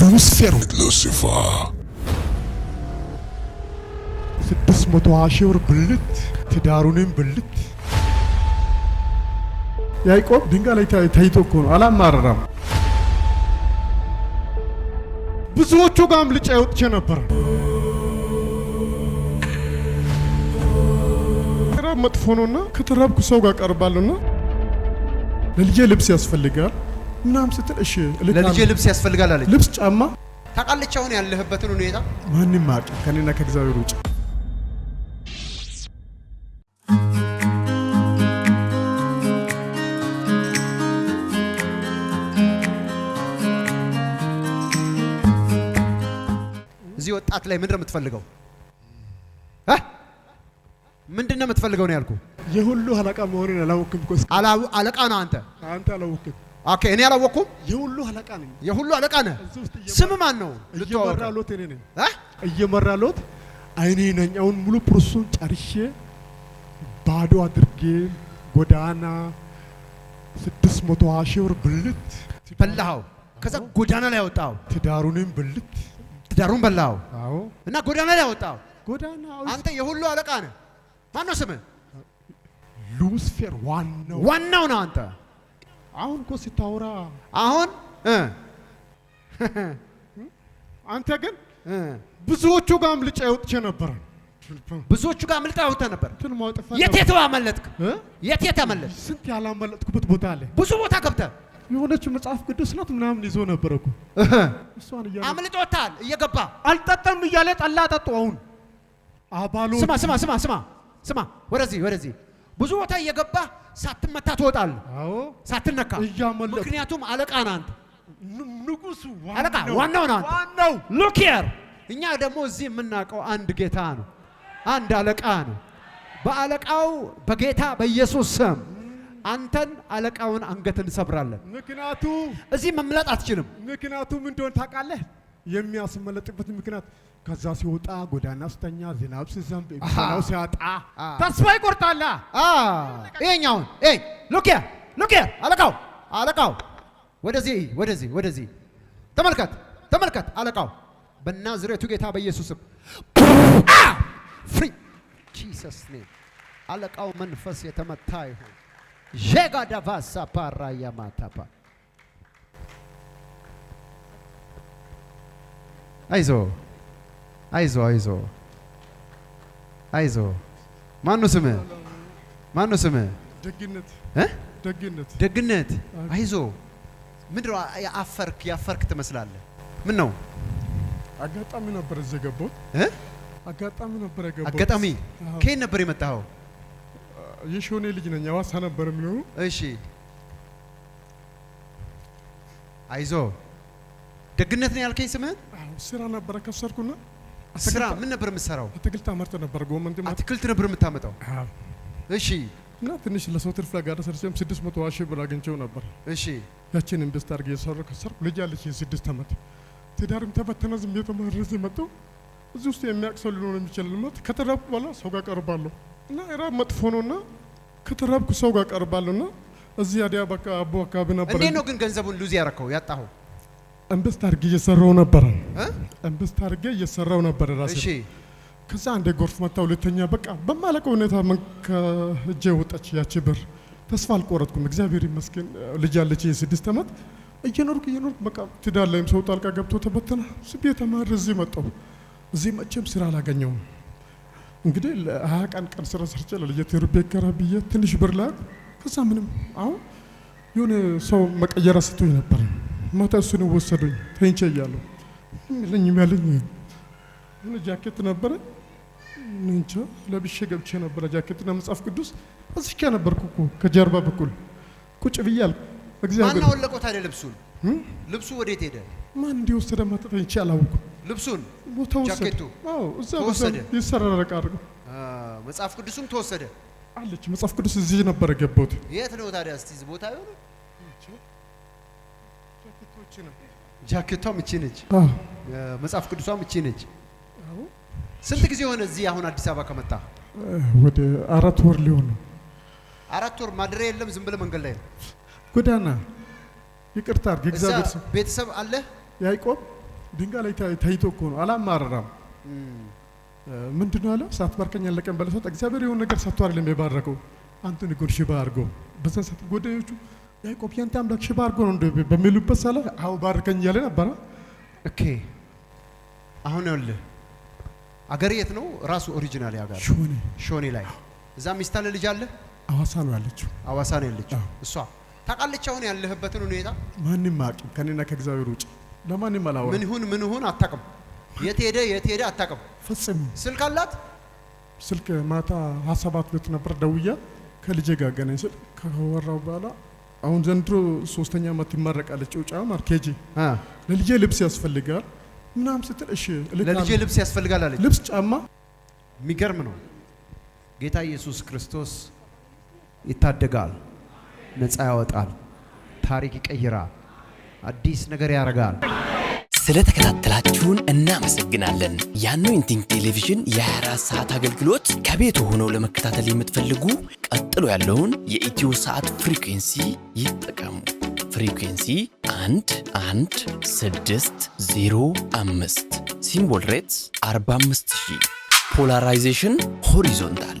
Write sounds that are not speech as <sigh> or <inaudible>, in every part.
ሉሲፌር ሉሲፈር ስድስት ሺህ ብር ብልት፣ ትዳሩንም ብልት። ያዕቆብ ድንጋይ ላይ ተይቶ እኮ ነው፣ አላማረረም። ብዙዎቹ ጋር አምልጬ ወጥቼ ነበር። ቅረብ መጥፎ ነውና ከተራብኩ ሰው ጋር ቀርባለሁና ለልጄ ልብስ ያስፈልጋል ምናምን ስትል እሺ ለልጄ ልብስ ያስፈልጋል አለች። ልብስ፣ ጫማ ታውቃለች። አሁን ያለህበትን ሁኔታ ማንም አያውቅ ከኔና ከእግዚአብሔር ውጭ። እዚህ ወጣት ላይ ምንድን ነው የምትፈልገው? ምንድን ነው የምትፈልገው ነው ያልኩ። የሁሉ አለቃ መሆኔን አላወቅም። አለቃ ነው አንተ አንተ አላወቅም ኦኬ እኔ አላወቅኩም። የሁሉ አለቃ ነኝ። የሁሉ አለቃ ነህ። ስም ማን ነው? እየመራሎት እኔ ነኝ። እየመራሎት እኔ ነኝ። አሁን ሙሉ ፕሮሰሱን ጨርሼ ባዶ አድርጌ ጎዳና ስድስት መቶ ሀያ ሺህ ብር ብልት በላኸው። ከዛ ጎዳና ላይ ወጣው። ትዳሩንም ብልት ትዳሩን በላኸው እና ጎዳና ላይ ወጣው። ጎዳና አንተ የሁሉ አለቃ ነህ። ማን ነው ስምህ? ሉሲፌር ዋናው ዋናው ነው አንተ አሁን እኮ ስታወራ አሁን <laughs> አንተ ግን ብዙዎቹ ጋር አምልጬ ወጥቼ ነበረ። ብዙዎቹ ጋር አምልጣ ወጥቼ ነበር። የት የት አመለጥክ? የት የት አመለጥክ? ስንት ያላመለጥኩበት ቦታ አለ። ብዙ ቦታ ገብተህ የሆነች መጽሐፍ ቅዱስ ናት ምናምን ይዞ ነበር እኮ እሷን እያለ አምልጦታል። እየገባ አልጠጣም እያለ ጠላ ጠጡ። አሁን አባሉ ስማ ስማ ስማ ስማ ስማ፣ ወደዚህ ወደዚህ ብዙ ቦታ እየገባ ሳትመታ ትወጣለህ። አዎ ሳትነካ። ምክንያቱም አለቃ ነህ አንተ፣ ንጉሱ አለቃ፣ ዋናው ነው ዋናው ሉክ ሄር እኛ ደግሞ እዚህ የምናውቀው አንድ ጌታ ነው፣ አንድ አለቃ ነው። በአለቃው በጌታ በኢየሱስ ስም አንተን አለቃውን አንገት እንሰብራለን። ምክንያቱ እዚህ መምለጥ አትችልም። ምክንያቱ ምን እንደሆነ ታውቃለህ? የሚያስመለጥበት ምክንያት ከዛ ሲወጣ ጎዳና ስተኛ፣ ዝናብ ሲዘንብ፣ የሚበላው ሲያጣ ተስፋ ይቆርጣላ። ይሄኛውን ሉክ ሉክ አለቃው አለቃው ወደዚህ ወደዚህ ወደዚህ ተመልከት ተመልከት አለቃው በናዝሬቱ ጌታ በኢየሱስም ፍሪ ጂሰስ ኔም አለቃው መንፈስ የተመታ ይሁን። ዤጋዳቫሳ ፓራያማታፓ አይዞ አይዞ አይዞ አይዞ። ማነው ስምህ? ማነው ስምህ? ደግነት እ ደግነት ደግነት። አይዞ ምንድን ነው አፈርክ? ያፈርክ ትመስላለህ። ምን ነው? አጋጣሚ ነበር እዚህ የገባሁት አጋጣሚ ነበር የገባሁት። አጋጣሚ ከየት ነበር የመጣኸው? የሾኔ ልጅ ነኝ። አዋሳ ነበር የሚኖሩ። እሺ አይዞ። ደግነት ነው ያልከኝ ስምህን? ስራ ነበረ ከሰርኩና ስራ ምን ነበር የምትሰራው? አትክልት አመርት ነበር። ጎመን አትክልት ነበር የምታመጣው? እሺ። እና ትንሽ ለሰው ትርፍ ጋር ሰርቼም ስድስት መቶ ሺህ ብር አግኝቼው ነበር። እሺ። ያችን እንደስት አድርጌ የሰሩ ከሰርኩ ልጅ አለች የስድስት ዓመት ትዳርም ተፈተነ። ዝም የተማረዝ መጥቶ እዚህ ውስጥ የሚያውቅ ሰው ሊሆን የሚችል ልመት ከተራብኩ በኋላ ሰው ጋር ቀርባለሁ እና ራብ መጥፎ ነው እና ከተራብኩ ሰው ጋር ቀርባለሁ እና እዚህ አዲያ በቃ አቦ አካባቢ ነበር። እንዴት ነው ግን ገንዘቡን ሉዝ ያረከው ያጣኸው? እንብስት አድርጌ እየሰራው ነበረ እንብስት አድርጌ እየሰራው ነበረ ራሴ። ከዛ አንዴ ጎርፍ መታ፣ ሁለተኛ በቃ በማለቀው ሁኔታ ምን ከእጄ ወጣች ያቺ ብር። ተስፋ አልቆረጥኩም። እግዚአብሔር ይመስገን ልጅ ያለች የስድስት ዓመት እየኖርኩ እየኖርኩ በቃ ትዳር ላይም ሰው ጣልቃ ገብቶ ተበተና ስቤ ተማር እዚህ መጣሁ። እዚህ መቼም ስራ አላገኘውም። እንግዲህ ሀያ ቀን ቀን ስራ ሰርቼ ለልጄ ትርቤ ከራ ብዬ ትንሽ ብር ላይ ከዛ ምንም አሁን የሆነ ሰው መቀየር ስቶኝ ነበር ማታ እሱን ወሰዱኝ። ተኝቼ እያለሁ ምለኝም ያለኝ ሆነ ጃኬት ነበረ እንጃ ለብሼ ገብቼ ነበረ። ጃኬትና መጽሐፍ ቅዱስ አዝቼ ነበርኩ እኮ ከጀርባ በኩል ቁጭ ብያል። እግዚአብሔር ማነው ወለቀው ታዲያ ልብሱን? ልብሱ ወዴት ሄደ? ማን እንዲወሰደ ማታ ተኝቼ አላወኩም። ልብሱን ጃኬቱ እዛ ወሰደ። ይሰራረቃ አድርገው መጽሐፍ ቅዱሱም ተወሰደ አለች። መጽሐፍ ቅዱስ እዚህ ነበረ ገባሁት። የት ነው ታዲያ? እስቲ ቦታ ይሆነ ጃኬቷም እቺ ነች። መጽሐፍ ቅዱሷም እቺ ነች። ስንት ጊዜ ሆነ እዚህ አሁን አዲስ አበባ ከመጣ? ወደ አራት ወር ሊሆን ነው። አራት ወር ማደሪያ የለም፣ ዝም ብለህ መንገድ ላይ ነው። ጎዳና ይቅርታ አድርግ። እግዚአብሔር ሰው ቤተሰብ አለ። ያይቆብ ድንጋይ ላይ ተይቶ እኮ ነው፣ አላማረራም። ምንድን ነው ያለው? ሳትባርከኝ ያለቀን በለሰት እግዚአብሔር የሆነ ነገር ሰጥቶ አይደለም የባረከው አንተን ጎድሽባ አድርገው በዛ ሰዓት ጎዳዮቹ ያዕቆብ ያንተ አምላክ ሽባ አድርጎ ነው እንደ በሚሉበት ሳለ አዎ ባርከኝ እያለ ነበረ። ኦኬ አሁን ይኸውልህ አገር የት ነው? ራሱ ኦሪጂናል ያጋር ሾኔ ሾኔ ላይ እዛ ሚስታለ ልጅ አለ። አዋሳ ነው ያለችው። አዋሳ ነው ያለችው። እሷ ታውቃለች አሁን ያለህበትን ሁኔታ። ማንም አያውቅም ከኔና ከእግዚአብሔር ውጭ ለማንም አላወራም። ምን ይሁን ምን ይሁን አታውቅም። የት ሄደ የት ሄደ አታውቅም። ፍጹም ስልክ አላት። ስልክ ማታ ሀያ ቤት ነበር ደውያ ከልጄ ጋር ገናኝ ስል ከወራው በኋላ አሁን ዘንድሮ ሶስተኛ ዓመት ይመረቃለች። ጭውጫ ማርኬጂ ለልጄ ልብስ ያስፈልጋል ምናም ስትል እሺ፣ ለልጄ ልብስ ያስፈልጋል አለች። ልብስ፣ ጫማ። የሚገርም ነው። ጌታ ኢየሱስ ክርስቶስ ይታደጋል፣ ነፃ ያወጣል፣ ታሪክ ይቀይራል፣ አዲስ ነገር ያደርጋል። ስለተከታተላችሁን እናመሰግናለን። የአኖይንቲንግ ቴሌቪዥን የ24 ሰዓት አገልግሎት ከቤቱ ሆነው ለመከታተል የምትፈልጉ ቀጥሎ ያለውን የኢትዮ ሰዓት ፍሪኩንሲ ይጠቀሙ። ፍሪኩንሲ 11605 ሲምቦል ሬትስ 45000 ፖላራይዜሽን ሆሪዞንታል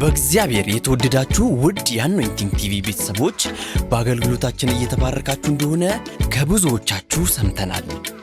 በእግዚአብሔር የተወደዳችሁ ውድ የአኖይንቲንግ ቲቪ ቤተሰቦች በአገልግሎታችን እየተባረካችሁ እንደሆነ ከብዙዎቻችሁ ሰምተናል።